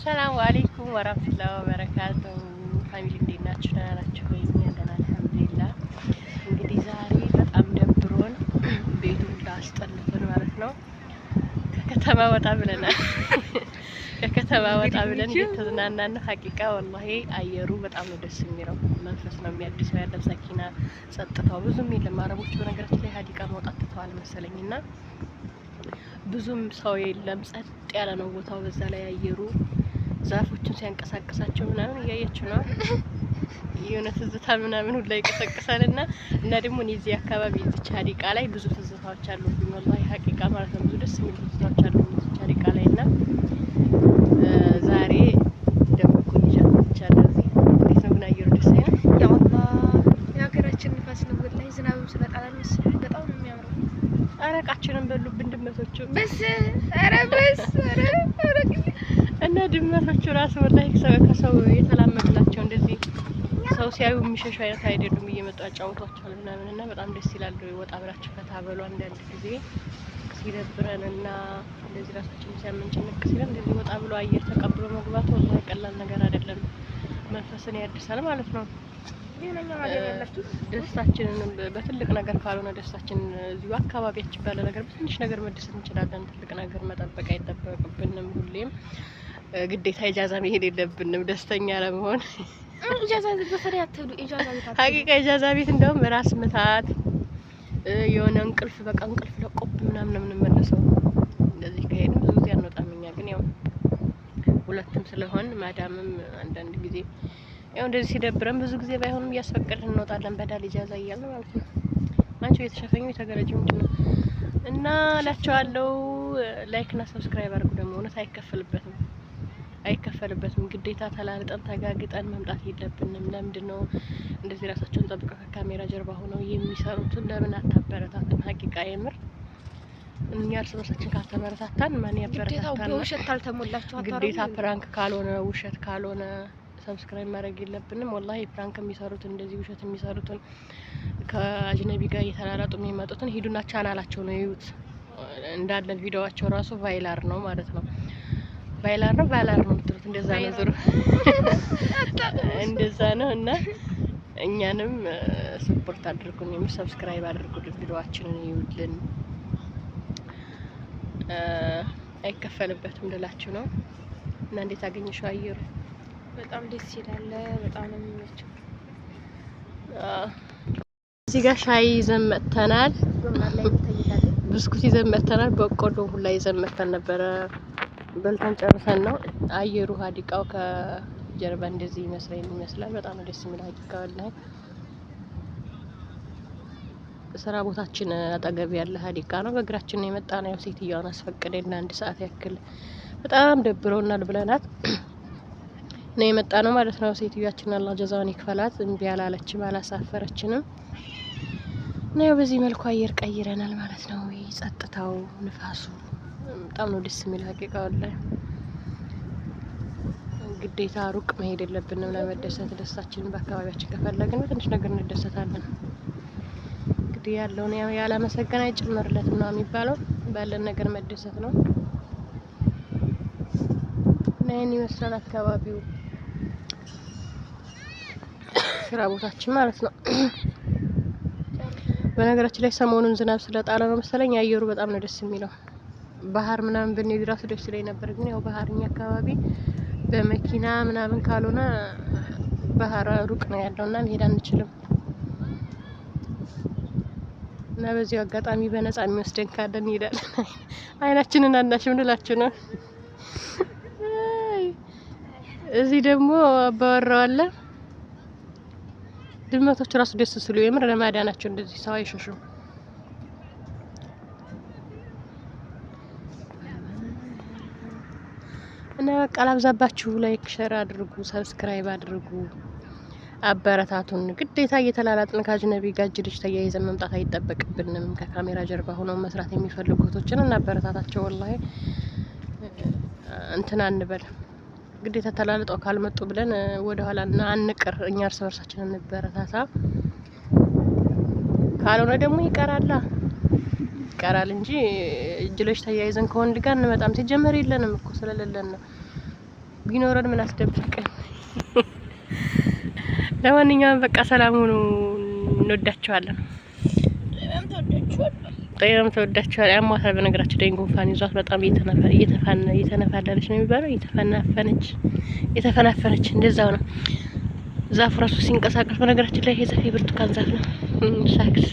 ሰላም አለይኩም ወራህመቱላሂ ወበረካቱ ፋሚሊ፣ እንዴት ናችሁ? ደህና ናችሁ ወይ? እኛ ደህና አልሐምዱሊላህ። እንግዲህ ዛሬ በጣም ደብሮን ቤቱን ላስጠልፍን ማለት ነው ከከተማ ወጣ ብለናል። ከተማ ብለን እየተዝናናን ነው። ሀቂቃ ወላሂ አየሩ በጣም ነው ደስ የሚለው፣ መንፈስ ነው የሚያድሰው። ያለ ሰኪና፣ ጸጥታው ብዙም የለም። አረቦች በነገራችን ላይ ሀዲቃ መውጣት ትተዋል መሰለኝ እና ብዙም ሰው የለም። ጸጥ ያለ ነው ቦታው። በዛ ላይ አየሩ ዛፎችን ሲያንቀሳቀሳቸው ምናምን እያየች ነው የሆነ ትዝታ ምናምን ሁላ ይቀሰቅሳል እና እና ደግሞ እኔ እዚህ አካባቢ እዚች ሀዲቃ ላይ ብዙ ትዝታዎች አሉብኝ ወላሂ ሀቂቃ ማለት ነው። ብዙ ደስ የሚሉ ትዝታዎች አሉብኝ እዚች ሀዲቃ ላይ እና በሉብን ድመቶቹ። በስ ኧረ በስ ኧረ እና ድመቶቹ ራሱ ወላሂ ከሰው የተላመዱላቸው እንደዚህ ሰው ሲያዩ የሚሸሹ አይነት አይደሉም። እየመጡ ያጫውቷቸዋል ምናምን እና በጣም ደስ ይላል። ወጣ ብላችሁ ፈታ በሉ። አንዳንድ ጊዜ ሲደብረን እና እንደዚህ ራሳችን ሲያመንጭንቅ ሲለን እንደዚህ ወጣ ብሎ አየር ተቀብሎ መግባት ወላሂ ቀላል ነገር አይደለም። መንፈስን ያድሳል ማለት ነው። ደስታችንን በትልቅ ነገር ካልሆነ ደስታችን እዚሁ አካባቢያችን ባለ ነገር በትንሽ ነገር መደሰት እንችላለን። ትልቅ ነገር መጠበቅ አይጠበቅብንም። ሁሌም ግዴታ ኢጃዛ መሄድ የለብንም ደስተኛ ለመሆን። ሀቂቃ ኢጃዛ ቤት እንደውም ራስ ምታት የሆነ እንቅልፍ በቃ እንቅልፍ ለቆብ ምናምን የምንመለሰው እንደዚህ ከሄድ ብዙ ጊዜ አንወጣም እኛ ግን ያው ሁለቱም ስለሆን ማዳምም አንዳንድ ጊዜ ያው እንደዚህ ሲደብረን ብዙ ጊዜ ባይሆንም እያስፈቀድን እንወጣለን። በዳል ኢጃዛ እያልን ማለት ነው። አንቺው የተሸፈኘው የተገረጀው ምንድን ነው? እና እላቸዋለሁ ላይክ እና ሰብስክራይብ አድርጉ። ደግሞ እውነት አይከፈልበትም አይከፈልበትም ግዴታ ተላልጠን ተጋግጠን መምጣት የለብንም። ለምንድን ነው እንደዚህ ራሳቸውን ጠብቀው ከካሜራ ጀርባ ሆነው የሚሰሩትን ለምን አታበረታትን? ሀቂቃ የምር እኛ እርስ በርሳችን ካልተበረታታን ማን ያበረታታል? ግዴታ ፕራንክ ካልሆነ ውሸት ካልሆነ ሰብስክራይብ ማድረግ የለብንም። ወላሂ ፕራንክ የሚሰሩትን እንደዚህ ውሸት የሚሰሩትን ከአጅነቢ ጋር እየተላላጡ የሚመጡትን ሂዱና ቻናላቸው ነው ይዩት። እንዳለ ቪዲዮዋቸው ራሱ ቫይላር ነው ማለት ነው። ቫይላር ነው ቫይላር ነው የምትሉት እንደዛ ነው። ዞሮ እንደዛ ነው እና እኛንም ሰፖርት አድርጉን፣ ወይም ሰብስክራይብ አድርጉልን፣ ቪዲዮዋችንን ይዩልን። አይከፈልበትም ልላችሁ ነው እና እንዴት አገኘሽው አየሩ? በጣም ደስ ይላል። በጣም ነው የሚመቸው። እዚህ ጋር ሻይ ይዘን መጥተናል። ብስኩት ይዘን መጥተናል። በቆሎ ሁላ ይዘን መጥተን ነበረ። በልተን ጨርሰን ነው። አየሩ ሀዲቃው ከጀርባ እንደዚህ ይመስላል ይመስላል። በጣም ደስ የሚል ሀዲቃ ላይ ስራ ቦታችን አጠገብ ያለ ሀዲቃ ነው። በእግራችን የመጣ ነው። ያው ሴትዮዋን አስፈቅደን ለአንድ ሰዓት ያክል በጣም ደብረውናል ብለናት ነው የመጣ ነው ማለት ነው። ሴትዮችን አላህ ጀዛውን ይክፈላት። እምቢ አላለችም፣ አላሳፈረችንም። ነው በዚህ መልኩ አየር ቀይረናል ማለት ነው። ጸጥታው፣ ንፋሱ በጣም ነው ደስ የሚል ሀቂቃ ላይ ግዴታ ሩቅ መሄድ የለብንም ለመደሰት። ደስታችንን በአካባቢያችን ከፈለግን በትንሽ ነገር እንደሰታለን። እንግዲህ ያለውን ያው ያላመሰገን አይጨመርለትም ነው የሚባለው። ባለን ነገር መደሰት ነው። እና ይመስላል አካባቢው። ስራ ቦታችን ማለት ነው። በነገራችን ላይ ሰሞኑን ዝናብ ስለጣለ ነው መሰለኝ አየሩ በጣም ነው ደስ የሚለው። ባህር ምናምን ብንሄድ ራሱ ደስ ይለኝ ነበር፣ ግን ያው ባህርኛ አካባቢ በመኪና ምናምን ካልሆነ ባህር ሩቅ ነው እና መሄድ አንችልም። እና በዚሁ አጋጣሚ በነፃ የሚወስደን ካለ እንሄዳለን። አይናችንን አናሽም እንላችሁ ነው። እዚህ ደግሞ አባወራው አለ ድመቶች ራሱ ደስ ስሉ የምር ለማዳናቸው እንደዚህ ሰው አይሸሹም። እና በቃ ላብዛባችሁ። ላይክ ሸር አድርጉ፣ ሰብስክራይብ አድርጉ፣ አበረታቱን። ግዴታ እየተላላጥን ከአጅነቢ ጋጅ ልጅ ተያይዘን መምጣት አይጠበቅብንም። ከካሜራ ጀርባ ሆነው መስራት የሚፈልጉቶችን እናበረታታቸው። ወላሂ እንትን አንበል። ግዴታ ተላልጠው ካልመጡ ብለን ወደኋላ እና አንቅር። እኛ እርስ በርሳችን እንበረታታ። ካልሆነ ደግሞ ይቀራላ ይቀራል እንጂ እጅሎች ተያይዘን ከወንድ ጋር እንመጣም። ሲጀመር የለንም እኮ ስለሌለን ነው። ቢኖረን ምን አስደብቀን። ለማንኛውም በቃ ሰላም ሁኑ። እንወዳቸዋለን። በጣም ተወዳችኋል። አሟታል። በነገራችን ደኝ ጉንፋን ይዟት በጣም እየተነፋለለች ነው የሚባለው፣ እየተፈናፈነች እየተፈናፈነች እንደዛው ነው። ዛፉ ራሱ ሲንቀሳቀስ በነገራችን ላይ የዛፍ ብርቱካን ዛፍ ነው ሳክስ